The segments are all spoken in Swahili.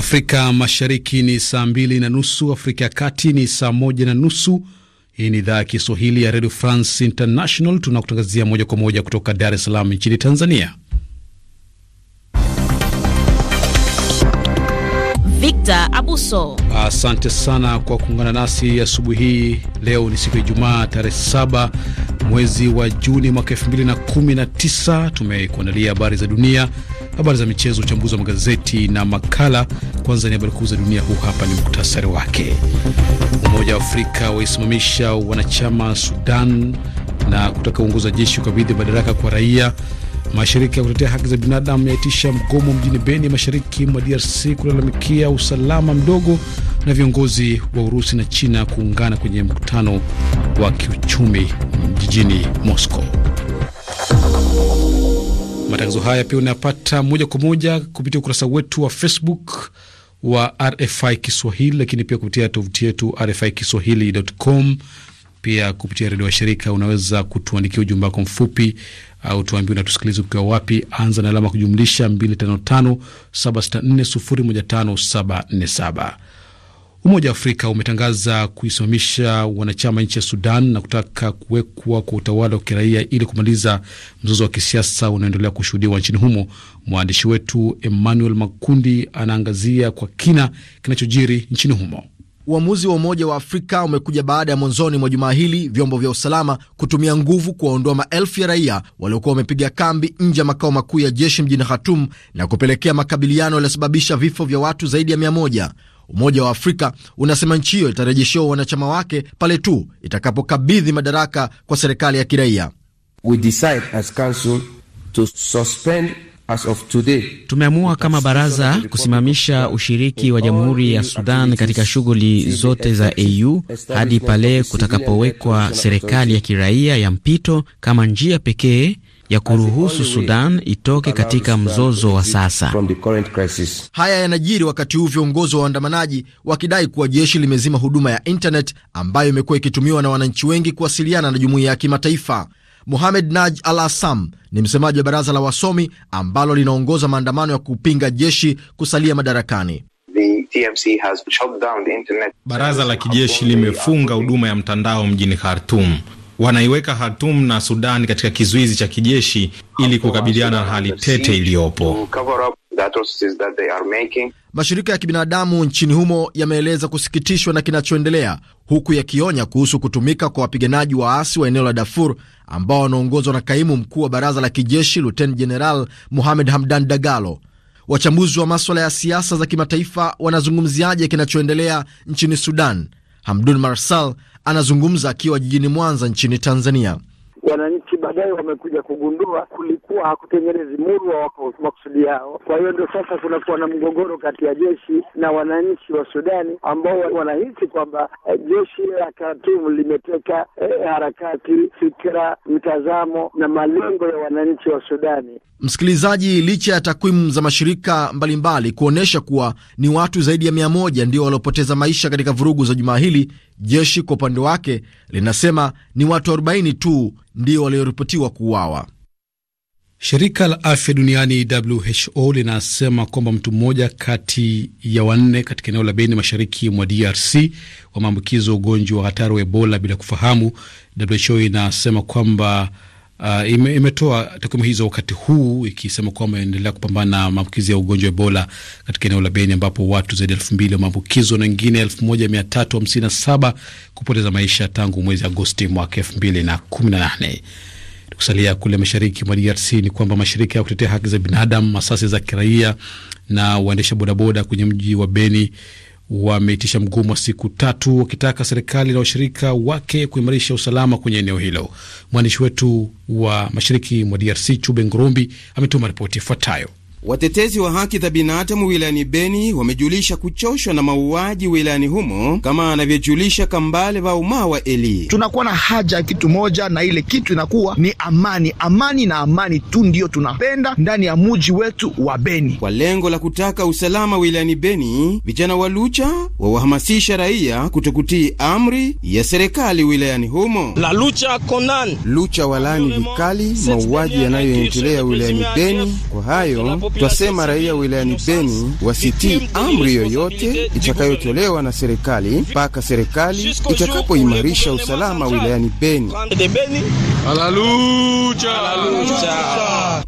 Afrika Mashariki ni saa mbili na nusu, Afrika ya Kati ni saa moja na nusu. Hii ni idhaa ya Kiswahili ya Radio France International, tunakutangazia moja kwa moja kutoka Dar es Salaam nchini Tanzania. Victor Abuso, asante sana kwa kuungana nasi asubuhi hii. Leo ni siku ya Ijumaa, tarehe saba mwezi wa Juni mwaka 2019. Tumekuandalia habari za dunia habari za michezo, uchambuzi wa magazeti na makala. Kwanza ni habari kuu za dunia, huu hapa ni muktasari wake. Umoja wa Afrika waisimamisha wanachama Sudan na kutaka uongozi wa jeshi ukabidhi madaraka kwa raia. Mashirika ya kutetea haki za binadamu yaitisha mgomo mjini Beni, mashariki mwa DRC, kulalamikia usalama mdogo, na viongozi wa Urusi na China kuungana kwenye mkutano wa kiuchumi jijini Moscow. Matangazo haya pia unayapata moja kwa moja kupitia ukurasa wetu wa Facebook wa RFI Kiswahili, lakini pia kupitia tovuti yetu RFI Kiswahili.com. Pia kupitia redio wa shirika unaweza kutuandikia ujumbe wako mfupi au tuambie unatusikiliza ukiwa wapi. Anza na alama kujumlisha 255 764 015 747. Umoja wa Afrika umetangaza kuisimamisha wanachama nchi ya Sudan na kutaka kuwekwa kwa utawala wa kiraia ili kumaliza mzozo wa kisiasa unaoendelea kushuhudiwa nchini humo. Mwandishi wetu Emmanuel Makundi anaangazia kwa kina kinachojiri nchini humo. Uamuzi wa Umoja wa Afrika umekuja baada ya mwanzoni mwa jumaa hili vyombo vya usalama kutumia nguvu kuwaondoa maelfu ya raia waliokuwa wamepiga kambi nje ya makao makuu ya jeshi mjini Khartoum na kupelekea makabiliano yaliyosababisha vifo vya watu zaidi ya mia moja. Umoja wa Afrika unasema nchi hiyo itarejeshewa wanachama wake pale tu itakapokabidhi madaraka kwa serikali ya kiraia. tumeamua kama baraza kusimamisha ushiriki wa Jamhuri ya Sudan katika shughuli zote za AU hadi pale kutakapowekwa serikali ya kiraia ya mpito kama njia pekee ya kuruhusu Sudan itoke katika mzozo wa sasa. Haya yanajiri wakati huu viongozi wa waandamanaji wakidai kuwa jeshi limezima huduma ya intanet ambayo imekuwa ikitumiwa na wananchi wengi kuwasiliana na jumuiya ya kimataifa. muhamed Naj Al Assam ni msemaji wa baraza la wasomi ambalo linaongoza maandamano ya kupinga jeshi kusalia madarakani. Baraza la kijeshi limefunga huduma ya mtandao mjini Khartum wanaiweka Khartoum na Sudan katika kizuizi cha kijeshi ili kukabiliana na hali tete iliyopo. Mashirika ya kibinadamu nchini humo yameeleza kusikitishwa na kinachoendelea, huku yakionya kuhusu kutumika kwa wapiganaji waasi wa eneo la Darfur ambao wanaongozwa na kaimu mkuu wa baraza la kijeshi Luteni Jeneral Mohamed Hamdan Dagalo. Wachambuzi wa maswala ya siasa za kimataifa wanazungumziaje kinachoendelea nchini Sudan? Hamdun Marsal anazungumza akiwa jijini Mwanza nchini Tanzania. Wananchi baadaye wamekuja kugundua kulikuwa hakutengenezi murwa wako makusudi yao. Kwa hiyo ndio sasa kunakuwa na mgogoro kati ya jeshi na wananchi wa Sudani ambao wanahisi kwamba eh, jeshi la Khartoum limeteka eh, harakati, fikira mtazamo na malengo ya wananchi wa Sudani. Msikilizaji, licha ya takwimu za mashirika mbalimbali kuonyesha kuwa ni watu zaidi ya mia moja ndio waliopoteza maisha katika vurugu za jumaa hili, jeshi kwa upande wake linasema ni watu 40 tu ndio walioripotiwa kuuawa. Shirika la afya duniani WHO linasema kwamba mtu mmoja kati ya wanne katika eneo la Beni, mashariki mwa DRC, maambukizo ugonjwa wa hatari wa Ebola bila kufahamu. WHO inasema kwamba uh, ime, imetoa takwimu hizo wakati huu ikisema kwamba inaendelea kupambana na maambukizi ya ugonjwa wa Ebola katika eneo la Beni ambapo watu zaidi ya elfu mbili wameambukizwa na wengine elfu moja mia tatu hamsini na saba kupoteza maisha tangu mwezi Agosti mwaka elfu mbili na kumi na nane. Tukusalia kule mashariki mwa DRC ni kwamba mashirika ya kutetea haki za binadamu, asasi za kiraia na waendesha bodaboda kwenye mji wa Beni wameitisha mgomo wa siku tatu wakitaka serikali na washirika wake kuimarisha usalama kwenye eneo hilo. Mwandishi wetu wa mashariki mwa DRC Chube Ngurumbi ametuma ripoti ifuatayo. Watetezi wa haki za binadamu wilayani Beni wamejulisha kuchoshwa na mauaji wilayani humo, kama anavyojulisha Kambale va umaa wa Eli. Tunakuwa na haja ya kitu moja, na ile kitu inakuwa ni amani, amani na amani tu ndiyo tunapenda ndani ya muji wetu wa Beni. Kwa lengo la kutaka usalama wilayani Beni, vijana wa Lucha wawahamasisha raia kutokutii amri ya serikali wilayani humo. La Lucha Konan Lucha walani vikali mauaji yanayoendelea wilayani Beni. Kwa hayo Twasema raia wilayani Beni wasitii amri yoyote itakayotolewa na serikali mpaka serikali itakapoimarisha usalama wilayani Beni. Haleluya!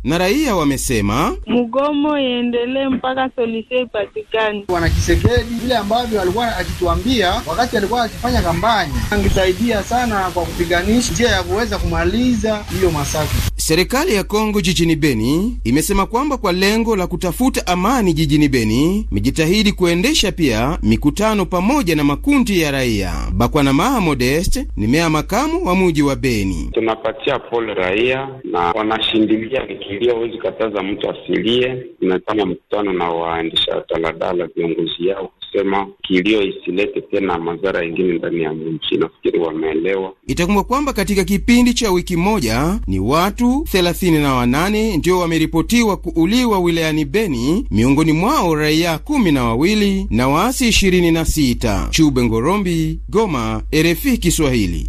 Na raia wamesema mgomo iendelee mpaka solishe ipatikane. Bwana Kisekedi vile ambavyo alikuwa akituambia wakati alikuwa akifanya kampani angesaidia sana kwa kupiganisha njia ya kuweza kumaliza hiyo masaka. Serikali ya Kongo jijini Beni imesema kwamba kwa leo lengo la kutafuta amani jijini Beni mijitahidi kuendesha pia mikutano pamoja na makundi ya raia. Bakwana Maha Modeste ni meya makamu wa muji wa Beni. Tunapatia pole raia na wanashindilia nikilia, huwezi kataza mtu asilie. Tunafanya mkutano na waendesha taladala viongozi yao kusema kilio isilete tena madhara yengine ndani ya mji. Nafikiri wameelewa. Itakumbwa kwamba katika kipindi cha wiki moja ni watu thelathini na wanane ndio wameripotiwa kuuliwa wilayani Beni, miongoni mwao raia kumi na wawili na waasi ishirini na sita. Chube Ngorombi, Goma, RFI Kiswahili.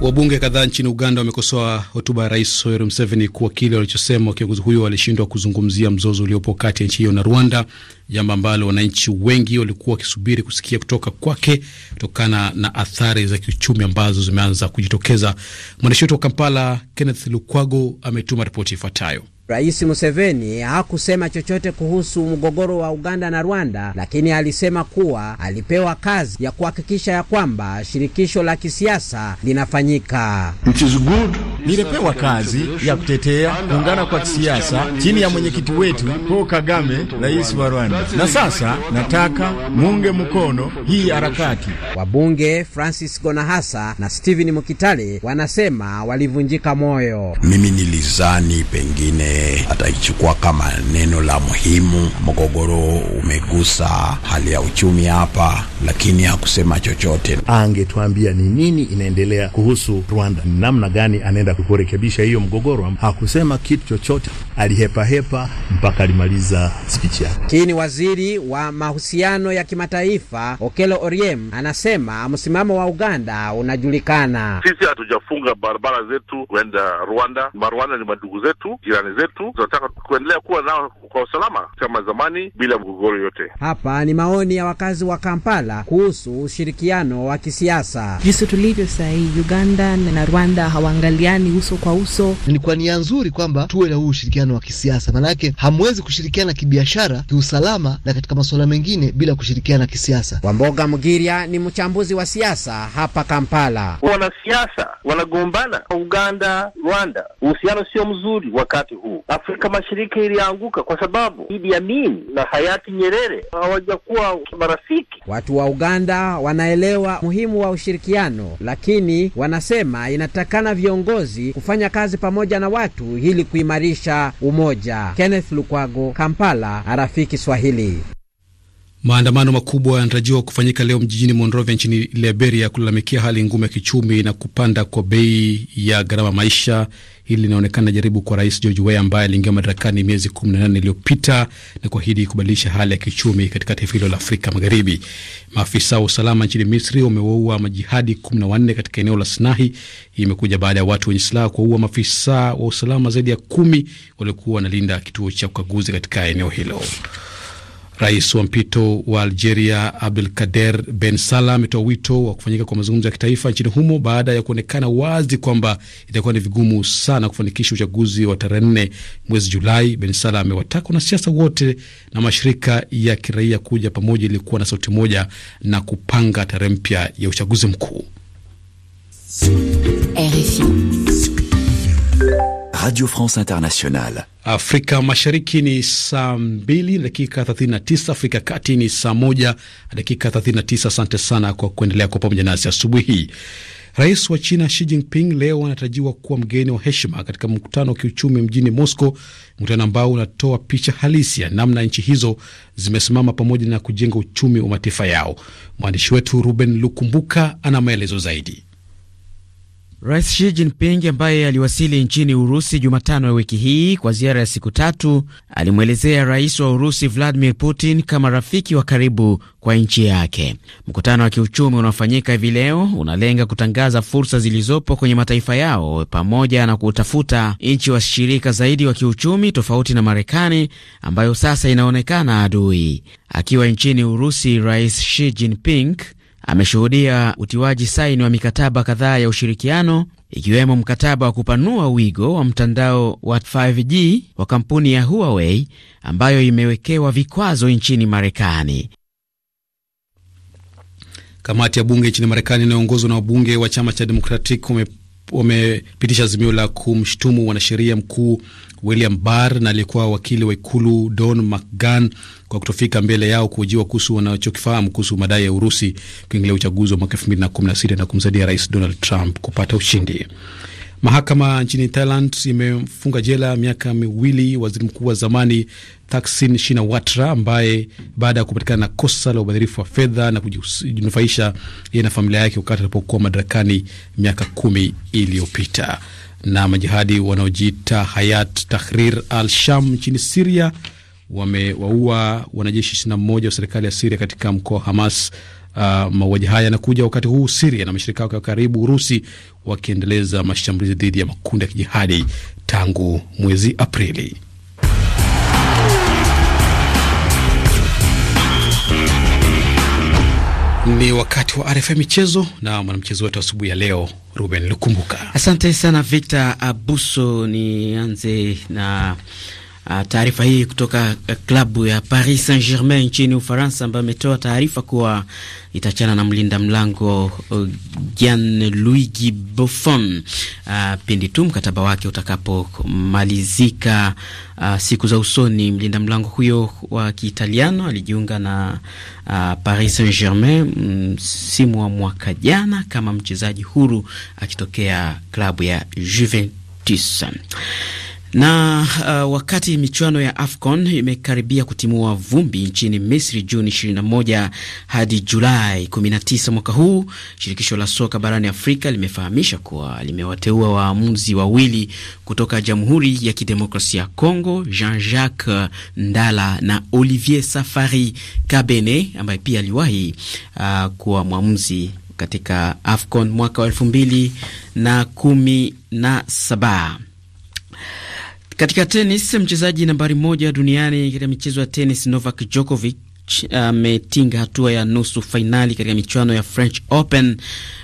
Wabunge kadhaa nchini Uganda wamekosoa hotuba ya Rais Yoweri Museveni kuwa kile walichosema kiongozi huyo alishindwa kuzungumzia mzozo uliopo kati ya nchi hiyo na Rwanda, jambo ambalo wananchi wengi walikuwa wakisubiri kusikia kutoka kwake kutokana na athari za kiuchumi ambazo zimeanza kujitokeza. Mwandishi wetu wa Kampala, Kenneth Lukwago, ametuma ripoti ifuatayo. Rais Museveni hakusema chochote kuhusu mgogoro wa Uganda na Rwanda, lakini alisema kuwa alipewa kazi ya kuhakikisha ya kwamba shirikisho la kisiasa linafanyika. Nilipewa kazi ya kutetea kuungana kwa kisiasa chini ya mwenyekiti wetu Paul Kagame, rais wa Rwanda, na sasa nataka muunge mkono hii harakati. Wabunge Francis Gonahasa na Steven Mukitale wanasema walivunjika moyo. Mimi nilizani pengine ataichukua kama neno la muhimu. Mgogoro umegusa hali ya uchumi hapa lakini hakusema chochote. Angetuambia ni nini inaendelea kuhusu Rwanda, namna gani anaenda kurekebisha hiyo mgogoro. Hakusema kitu chochote, alihepahepa mpaka alimaliza spichi yake. Lakini waziri wa mahusiano ya kimataifa Okelo Oriem anasema msimamo wa Uganda unajulikana. Sisi hatujafunga barabara zetu kwenda Rwanda. Marwanda ni madugu zetu, jirani zetu, tunataka kuendelea kuwa nao kwa usalama kama zamani, bila mgogoro yote. Hapa ni maoni ya wakazi wa Kampala Kampala kuhusu ushirikiano wa kisiasa. Jinsi tulivyo sahii, Uganda na Rwanda hawaangaliani uso kwa uso. Ni kwa nia nzuri kwamba tuwe na huu ushirikiano wa kisiasa, maanake hamwezi kushirikiana kibiashara, kiusalama na katika masuala mengine bila kushirikiana kisiasa. Wamboga Mgiria ni mchambuzi wa siasa hapa Kampala. Wanasiasa wanagombana Uganda, Rwanda, uhusiano sio mzuri wakati huu. Afrika Mashariki ilianguka kwa sababu Idi Amin na hayati Nyerere hawajakuwa marafiki. Watu wa Uganda wanaelewa muhimu wa ushirikiano, lakini wanasema inatakana viongozi kufanya kazi pamoja na watu ili kuimarisha umoja. Kenneth Lukwago, Kampala, Arafiki Swahili. Maandamano makubwa yanatarajiwa kufanyika leo mjijini Monrovia nchini Liberia kulalamikia hali ngumu ya kichumi na kupanda kwa bei ya gharama maisha. Hili linaonekana jaribu kwa Rais George Weah ambaye aliingia madarakani miezi 18 iliyopita na kuahidi kubadilisha hali ya kichumi katika taifa hilo la Afrika Magharibi. Maafisa wa usalama nchini Misri wamewaua majihadi 14 katika eneo la Sinahi. Hii imekuja baada ya watu wenye silaha kuwaua maafisa wa usalama zaidi ya kumi waliokuwa wanalinda kituo cha ukaguzi katika eneo hilo. Rais wa mpito wa Algeria Abdelkader Ben Salah ametoa wito wa kufanyika kwa mazungumzo ya kitaifa nchini humo baada ya kuonekana wazi kwamba itakuwa ni vigumu sana kufanikisha uchaguzi wa tarehe nne mwezi Julai. Ben Salah amewataka wanasiasa wote na mashirika ya kiraia kuja pamoja ili kuwa na sauti moja na kupanga tarehe mpya ya uchaguzi mkuu. RFI. Radio France Internationale. Afrika Mashariki ni saa 2 dakika 39, Afrika Kati ni saa 1 dakika 39. Asante sana kwa kuendelea kwa pamoja nasi asubuhi hii. Rais wa China Xi Jinping leo anatarajiwa kuwa mgeni wa heshima katika mkutano wa kiuchumi mjini Moscow, mkutano ambao unatoa picha halisi ya namna nchi hizo zimesimama pamoja na kujenga uchumi wa mataifa yao. Mwandishi wetu Ruben Lukumbuka ana maelezo zaidi. Rais Xi Jinping ambaye aliwasili nchini Urusi Jumatano ya wiki hii kwa ziara ya siku tatu, alimwelezea rais wa Urusi Vladimir Putin kama rafiki wa karibu kwa nchi yake. Mkutano wa kiuchumi unaofanyika hivi leo unalenga kutangaza fursa zilizopo kwenye mataifa yao pamoja na kutafuta nchi washirika zaidi wa kiuchumi, tofauti na Marekani ambayo sasa inaonekana adui. Akiwa nchini Urusi, Rais Xi Jinping ameshuhudia utiwaji saini wa mikataba kadhaa ya ushirikiano ikiwemo mkataba wa kupanua wigo wa mtandao wa 5G wa kampuni ya Huawei ambayo imewekewa vikwazo nchini Marekani. Kamati ya bunge nchini Marekani inayoongozwa na wabunge wa chama cha Democratic wamepitisha azimio la kumshtumu mwanasheria mkuu William Barr na aliyekuwa wakili wa ikulu Don McGahn kwa kutofika mbele yao kuhojiwa kuhusu wanachokifahamu kuhusu madai ya Urusi kuingilia uchaguzi wa mwaka 2016 na kumsaidia Rais Donald Trump kupata ushindi. Mahakama nchini Thailand imemfunga jela miaka miwili waziri mkuu wa zamani Thaksin Shinawatra ambaye baada ya kupatikana na kosa la ubadhirifu wa fedha na kujinufaisha yeye na familia yake wakati alipokuwa madarakani miaka kumi iliyopita. Na majihadi wanaojiita Hayat Tahrir al-Sham nchini Siria wamewaua wanajeshi mmoja wa serikali ya Siria katika mkoa wa Hamas. Uh, mauaji haya yanakuja wakati huu Siria na mashirika yake ya karibu Urusi wakiendeleza mashambulizi dhidi ya makundi ya kijihadi tangu mwezi Aprili. Ni wakati wa RFI michezo na mwanamchezo wetu asubuhi ya leo Ruben Lukumbuka. Asante sana Victor Abuso, nianze na Ah, taarifa hii kutoka eh, klabu ya Paris Saint-Germain nchini Ufaransa, ambayo ametoa taarifa kuwa itachana na mlinda mlango eh, Gianluigi Buffon ah, pindi tu mkataba wake utakapomalizika ah, siku za usoni. Mlinda mlango huyo wa Kiitaliano alijiunga na Paris Saint-Germain msimu wa mwaka jana kama mchezaji huru akitokea klabu ya Juventus. Na uh, wakati michuano ya AFCON imekaribia kutimua vumbi nchini Misri Juni 21 hadi Julai 19 mwaka huu, shirikisho la soka barani Afrika limefahamisha kuwa limewateua waamuzi wawili kutoka Jamhuri ya Kidemokrasia ya Kongo, Jean-Jacques Ndala na Olivier Safari Kabene ambaye pia aliwahi uh, kuwa mwamuzi katika AFCON mwaka wa elfu mbili na kumi na saba. Katika tenis, mchezaji nambari moja duniani katika michezo ya tenis Novak Djokovic ametinga hatua ya nusu fainali katika michuano ya French Open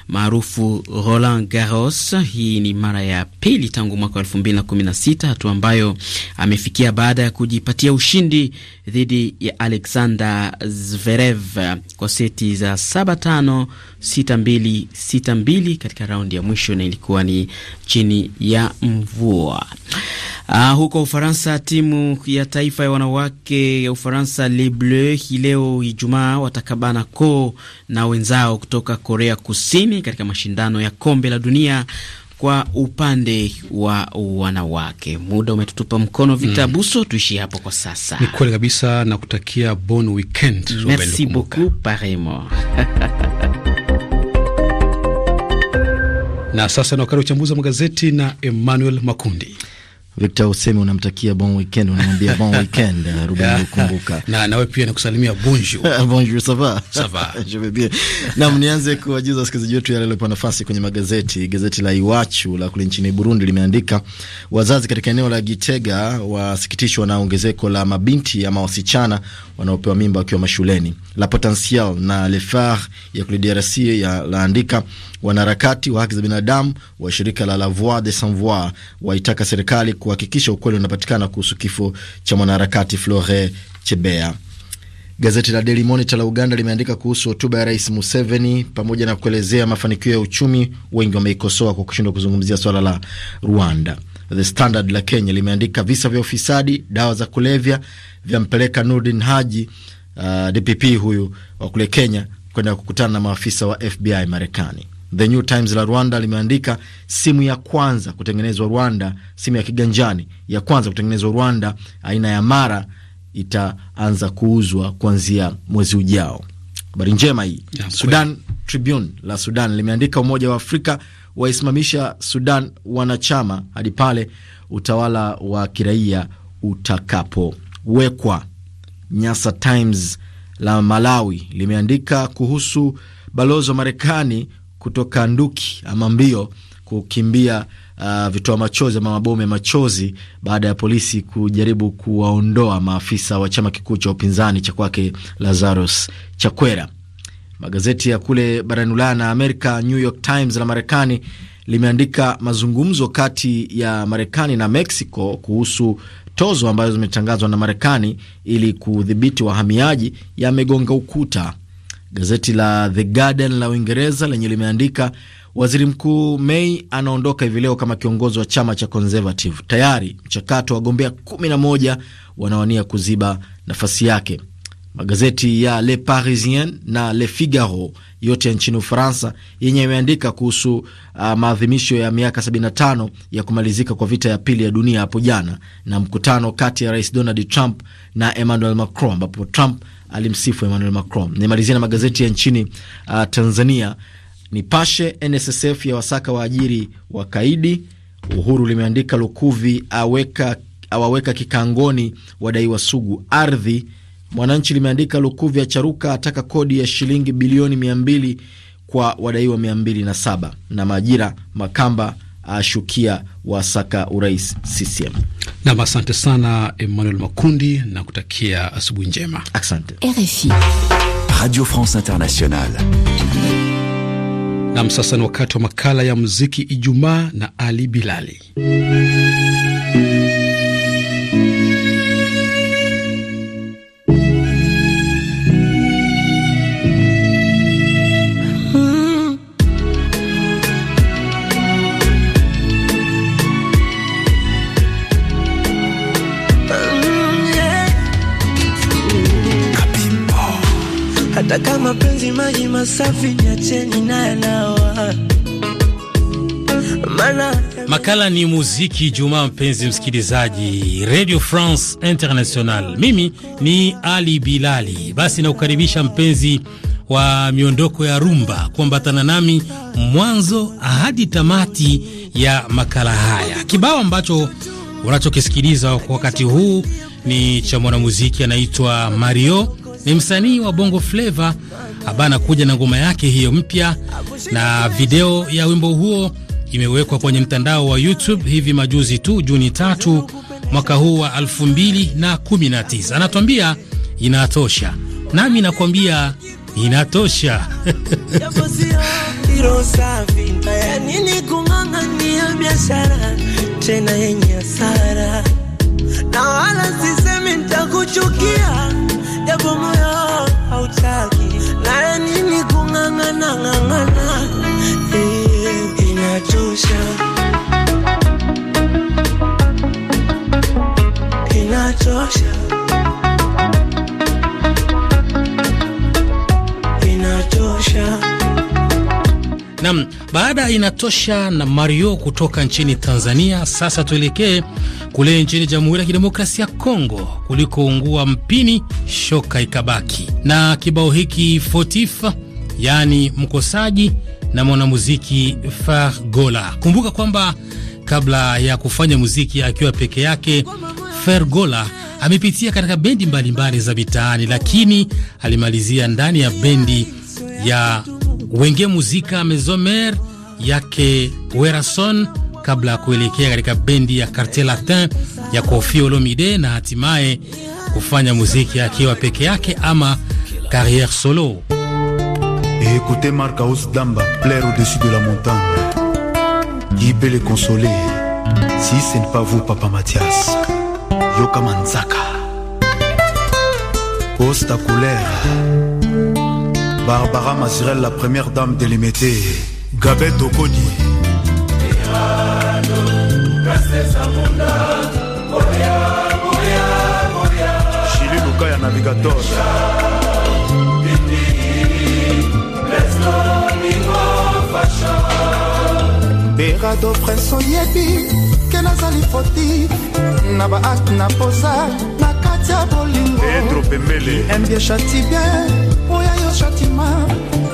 maarufu Roland Garros. Hii ni mara ya pili tangu mwaka wa elfu mbili na kumi na sita, hatua ambayo amefikia baada ya kujipatia ushindi dhidi ya Alexander Zverev kwa seti za 7-5, 6-2, 6-2 katika raundi ya mwisho na ilikuwa ni chini ya mvua. Uh, huko Ufaransa timu ya taifa ya wanawake ya Ufaransa Les Bleus hii leo Ijumaa watakabana ko na wenzao kutoka Korea Kusini katika mashindano ya kombe la dunia kwa upande wa wanawake. Muda umetutupa mkono Vitabuso mm. Tuishie hapo kwa sasa. Ni kweli kabisa na kutakia bon weekend. Merci beaucoup paremo na sasa na wakati wa uchambuzi wa magazeti na Emmanuel Makundi. Victor Useme unamtakia bon weekend, unamwambia bon weekend Ruben Lukumbuka. Na na wewe pia nakusalimia bonjour. Bonjour, ça va? Ça va. Je vais bien. Na mnianze kuwajuza wasikilizaji wetu yale yaliyopewa nafasi kwenye magazeti. Gazeti la Iwachu la kule nchini Burundi limeandika wazazi katika eneo la Gitega wasikitishwa na ongezeko la mabinti ama wasichana wanaopewa mimba wakiwa mashuleni. La Potentiel na Le Phare ya kule DRC ya laandika wanaharakati wa haki za binadamu wa shirika la La Voix des Sans Voix waitaka serikali kuhakikisha ukweli unapatikana kuhusu kifo cha mwanaharakati Flore Chebea. Gazeti la Daily Monitor la Uganda limeandika kuhusu hotuba ya Rais Museveni. Pamoja na kuelezea mafanikio ya uchumi, wengi wameikosoa kwa kushindwa kuzungumzia swala la Rwanda. The Standard la Kenya limeandika visa vya ufisadi, dawa za kulevya vyampeleka Nurdin Haji, uh, DPP huyu wa kule Kenya, kwenda kukutana na maafisa wa FBI Marekani. The New Times la Rwanda limeandika simu ya kwanza kutengenezwa Rwanda, simu ya kiganjani ya kwanza kutengenezwa Rwanda aina ya Mara itaanza kuuzwa kuanzia mwezi ujao. Habari njema hii. Sudan Tribune la Sudan limeandika Umoja wa Afrika waisimamisha Sudan wanachama hadi pale utawala wa kiraia utakapowekwa. Nyasa Times la Malawi limeandika kuhusu balozi wa Marekani kutoka nduki ama mbio kukimbia uh, vitoa machozi ama mabomu ya machozi baada ya polisi kujaribu kuwaondoa maafisa wa chama kikuu cha upinzani cha kwake Lazarus Chakwera. Magazeti ya kule barani Ulaya na Amerika, New York Times la Marekani limeandika mazungumzo kati ya Marekani na Mexico kuhusu tozo ambazo zimetangazwa na Marekani ili kudhibiti wahamiaji yamegonga ukuta Gazeti la The Guardian la Uingereza lenye limeandika waziri mkuu May anaondoka hivi leo kama kiongozi wa chama cha Conservative. Tayari mchakato wa wagombea 11 wanawania kuziba nafasi yake. Magazeti ya Le Parisien na Le Figaro yote nchini Ufaransa yenye yameandika kuhusu uh, maadhimisho ya miaka 75 ya kumalizika kwa vita ya pili ya dunia hapo jana na mkutano kati ya Rais Donald Trump na Emmanuel Macron ambapo Trump alimsifu Emmanuel Macron. Nimalizia na magazeti ya nchini uh, Tanzania. Nipashe, NSSF ya wasaka waajiri wa kaidi. Uhuru limeandika Lukuvi aweka awaweka kikangoni wadaiwa sugu ardhi Mwananchi limeandika Lukuvi charuka ataka kodi ya shilingi bilioni mbili kwa wadaiwa mbili na, na Majira Makamba ashukia wasaka urais CCM. Nam, asante sana Emmanuel Makundi na kutakia asubuhi njema. Asante RFI Radio France Internationale. Nam, sasa ni wakati wa makala ya muziki Ijumaa na Ali Bilali. hata kama penzi maji masafi, niacheni naye nawa Mana... Makala ni muziki Jumaa, mpenzi msikilizaji Radio France International, mimi ni Ali Bilali. Basi nakukaribisha mpenzi wa miondoko ya rumba kuambatana nami mwanzo hadi tamati ya makala haya. Kibao ambacho unachokisikiliza kwa wakati huu ni cha mwanamuziki anaitwa Mario ni msanii wa Bongo Flava ambaye anakuja na ngoma yake hiyo mpya, na video ya wimbo huo imewekwa kwenye mtandao wa YouTube hivi majuzi tu, Juni tatu mwaka huu wa 2019. Anatuambia inatosha, nami nakwambia inatosha. na wala sisemi nitakuchukia, japo moyo hautaki, naye nini kung'ang'ana ng'ang'ana, eh, inatosha, inatosha, inatosha. Nam, baada ya inatosha na Mario kutoka nchini Tanzania, sasa tuelekee kule nchini Jamhuri ya Kidemokrasia ya Kongo kulikoungua mpini shoka ikabaki na kibao hiki Fotif, yaani mkosaji na mwanamuziki Fergola. Kumbuka kwamba kabla ya kufanya muziki akiwa peke yake, Fergola amepitia katika bendi mbalimbali za mitaani, lakini alimalizia ndani ya bendi ya Wenge Muzika Mezomer yake Werason kabla ya kuelekea katika bendi ya Quartier Latin ya Koffi Olomide na hatimaye kufanya muziki akiwa peke yake ama carriere solo. Et écoutez Marc Damba plaire au-dessus de la montagne. Qui peut le consoler si ce n'est pas vous Papa Mathias. Yoka Manzaka. Posta couleur Barbara Mazirel, la première dame de l'Imété, Gabet Okodi. Chili Lukaya Navigator. berado prince oyebi ke nazali foti na baakte na posa ya bolingoedro eh, pembele embie chatie oya yo chatima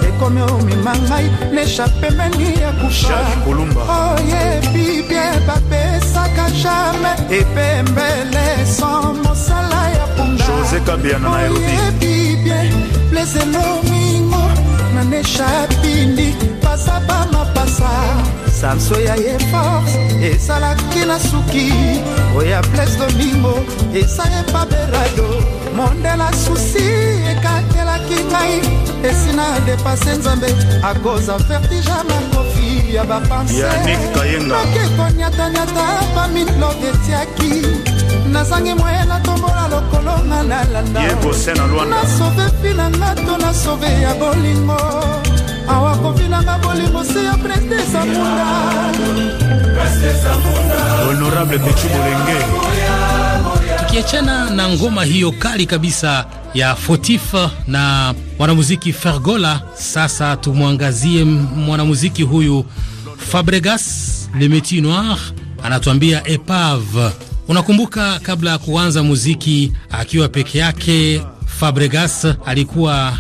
ekomi omema ngai nesha pembeni ya kushakolumba oyebi bie bapesaka jamai epembele san mosala ya pundaose kabiana na oyebi bie plezelo mingo na nesha bindi baza bamapasa samso ya ye force ezalaki na suki oya bles domingo eza epaberado mondela susi ekatelaki ngai esina depase nzambe akoza vertige makofi ya bapansenake koniataniata bamilove etiaki nazangi moyela tombola lokolo nga nalandanasobe mpi na nga to nasobe ya bolingo awa kofinanga bolingo se ya prestesa munda Honorable Bichu Bolenge. Tukiachana na ngoma hiyo kali kabisa ya Fotif na mwanamuziki Fergola, sasa tumwangazie mwanamuziki huyu Fabregas Le Métier Noir anatuambia Epave. Unakumbuka kabla ya kuanza muziki akiwa peke yake, Fabregas alikuwa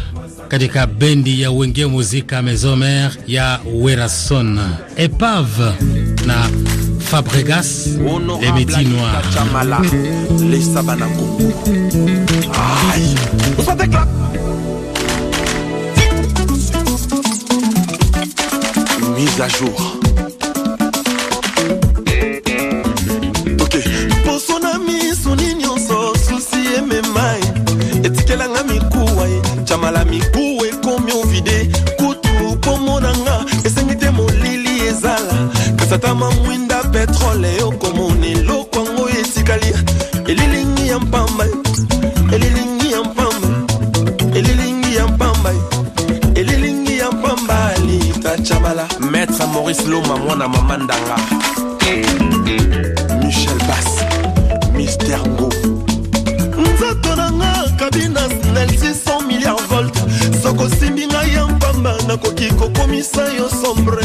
katika bendi ya Wenge Muzika Mesomer ya Werason Epave Fabregas et Métis Noirs, les Sabanakou. Aïe! Mise à jour. Ok. Pour son ami, son ignoce, souci et mes mailles. Et si quelqu'un a mis le coup, il y ata mamwinda petrole okomona eloko yango esikali elilingi ya mpamba elilingi ya mpamba elilingi ya mpamba elilingi ya mpamba alika cabala maître maurice loma mwana mama ndanga michel bas mister ngo nzoto nanga kabina nelsis milliard volt sokosimbi ngai ya mpamba nakoki kokomisa yo sombre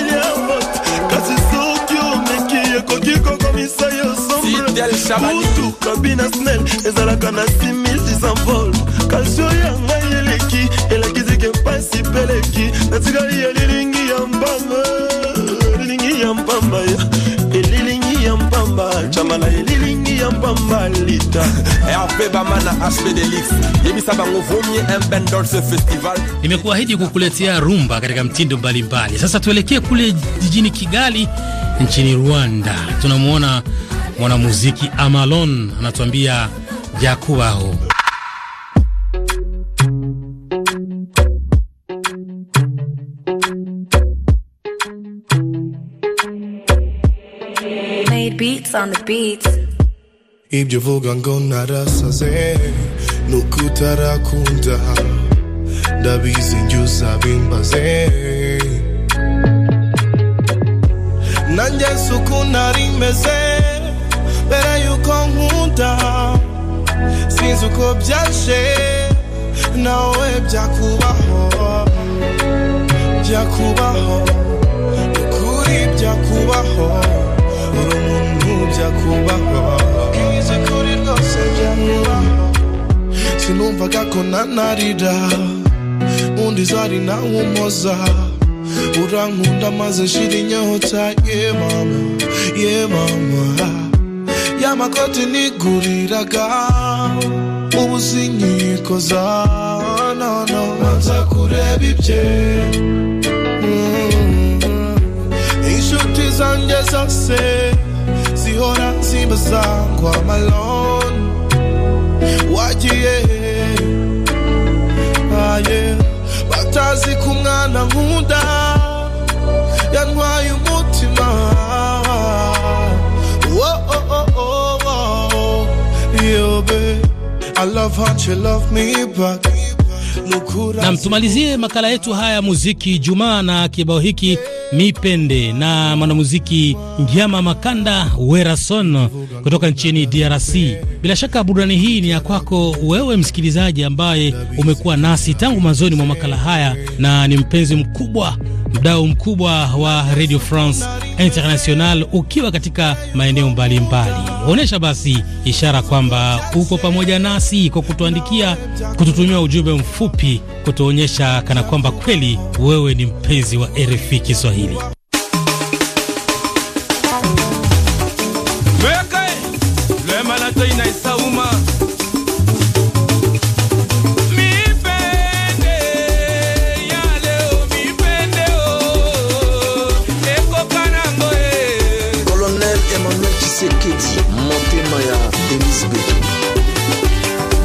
biso yo sombrebutu kabina snel ezalaka na 6000 kalsio ya ngai eleki elakisiki mpasi peleki natikali ya lilingi ya mbamba lilingi ya mbamba elilingi ya mbamba jamala ye Eh, nimekuahidi kukuletea rumba katika mtindo mbalimbali. Sasa tuelekee kule jijini Kigali nchini Rwanda. Tunamwona mwanamuziki Amalon anatuambia jakubaho beats on the beats. ibyo uvuga ngo narasaze ni uko utarakunda ndabizi njye uzabimbaze nanjye si nari ntari meze mbere y'uko nkunda sinzi uko byaje nawe byakubaho byakubaho ukuri byakubaho uri umuntu byakubaho sinumvaga ko nanarira undi zari nawe umpoza urankunda maze shira inyota ye mama ye mama y'amakoti niguriraga ubu sinyikoza nono nza kureba ibye mm-hmm. inshuti zanjye zose namba zangu, I'm oh, oh, oh, tumalizie makala yetu haya muziki Jumaa na kibao hiki Mipende na mwanamuziki Ngiama Makanda Werason kutoka nchini DRC. Bila shaka burudani hii ni ya kwako wewe msikilizaji, ambaye umekuwa nasi tangu mwanzoni mwa makala haya na ni mpenzi mkubwa mdau mkubwa wa Radio France International ukiwa katika maeneo mbalimbali. Onyesha basi ishara kwamba uko pamoja nasi kwa kutuandikia, kututumia ujumbe mfupi, kutuonyesha kana kwamba kweli wewe ni mpenzi wa RFI Kiswahili.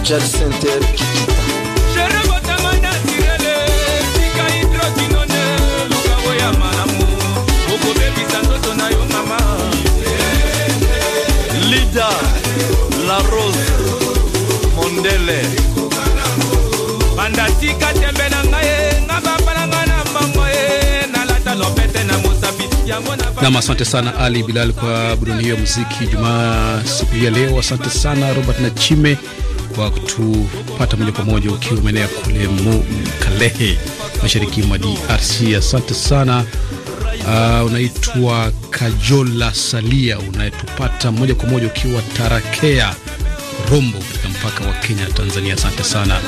Jali Center Kikita. Lida La Rose Mondele tembe na Nam, asante sana Ali Bilal kwa burudani hiyo ya muziki Jumaa siku ya leo. Asante sana Robert Nachime kwa kutupata moja kwa moja ukiwa umeenea kule Mkalehe, mashariki mwa DRC. Asante sana. Uh, unaitwa Kajola Salia, unayetupata moja kwa moja ukiwa Tarakea Rombo, katika mpaka wa Kenya na Tanzania. Asante sana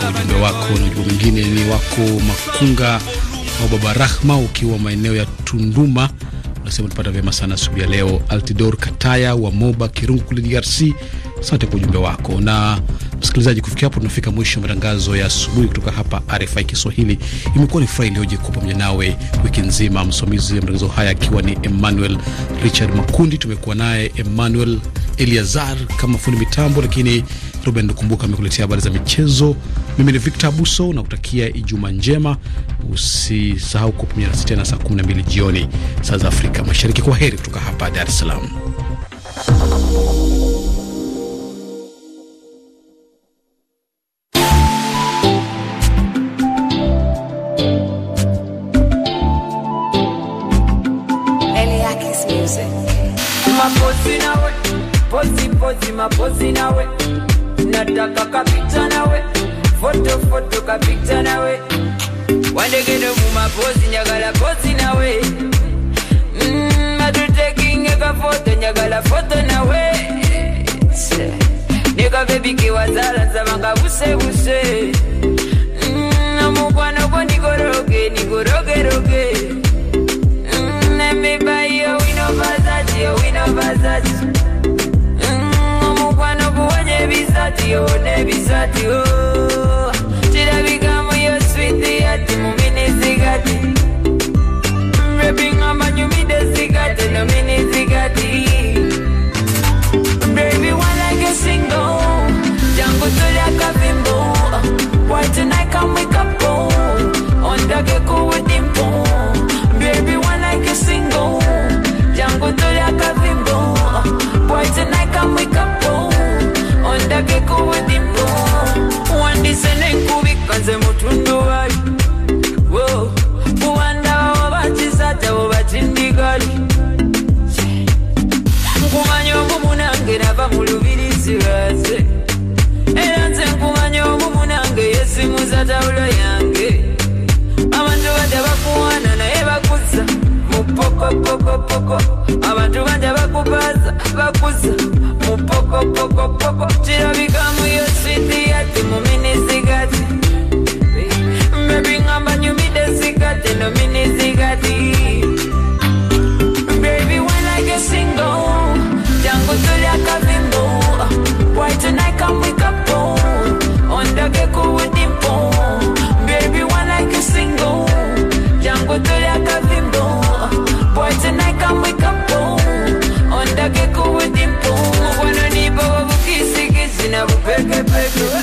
kwa ujumbe wako. Na ujumbe mwingine ni wako Makunga au Baba Rahma, ukiwa maeneo ya Tunduma, unasema tupata vyema sana asubuhi ya leo. Altidor Kataya wa Moba Kirungu kule DRC Asante kwa ujumbe wako. Na msikilizaji, kufikia hapo tunafika mwisho matangazo ya asubuhi kutoka hapa RFI Kiswahili. Imekuwa ni furaha iliyoje kuwa pamoja nawe wiki nzima. Msimamizi wa matangazo haya akiwa ni Emmanuel Richard Makundi, tumekuwa naye Emmanuel Eliazar kama fundi mitambo, lakini Ruben Lukumbuka amekuletea habari za michezo. Mimi ni Victor Abuso na kutakia njema. Usisahau pamoja nasi tena saa 12 jioni saa za Afrika Mashariki. Kwa heri kutoka hapa Dar es Salaam. foto toka nawe wandegede mumapozi njagala pozi nawe mm, atultekingeka foto foto nawe nekavebikewazala nsavanga busebuse mm, nomukwanoko nigoroge nigorogeroge mm, nemibaiyo winovazaciyo winovazaci omukwano mm, kuwonya ebizatiyo nebizatiyo oh. we I with your sweetie? Rapping on my new middle zigati. No mini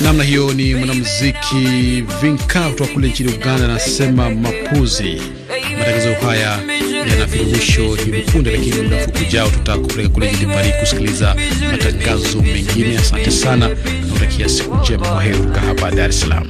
namna hiyo. Ni mwanamuziki Vinka kutoka kule nchini Uganda, anasema mapuzi. Matangazo haya yanafika mwisho hivi punde, lakini muda mfupi ujao tutakupeleka kule jijini Paris kusikiliza matangazo mengine. Asante sana na siku njema. Kwaheri kutoka hapa Dar es Salaam.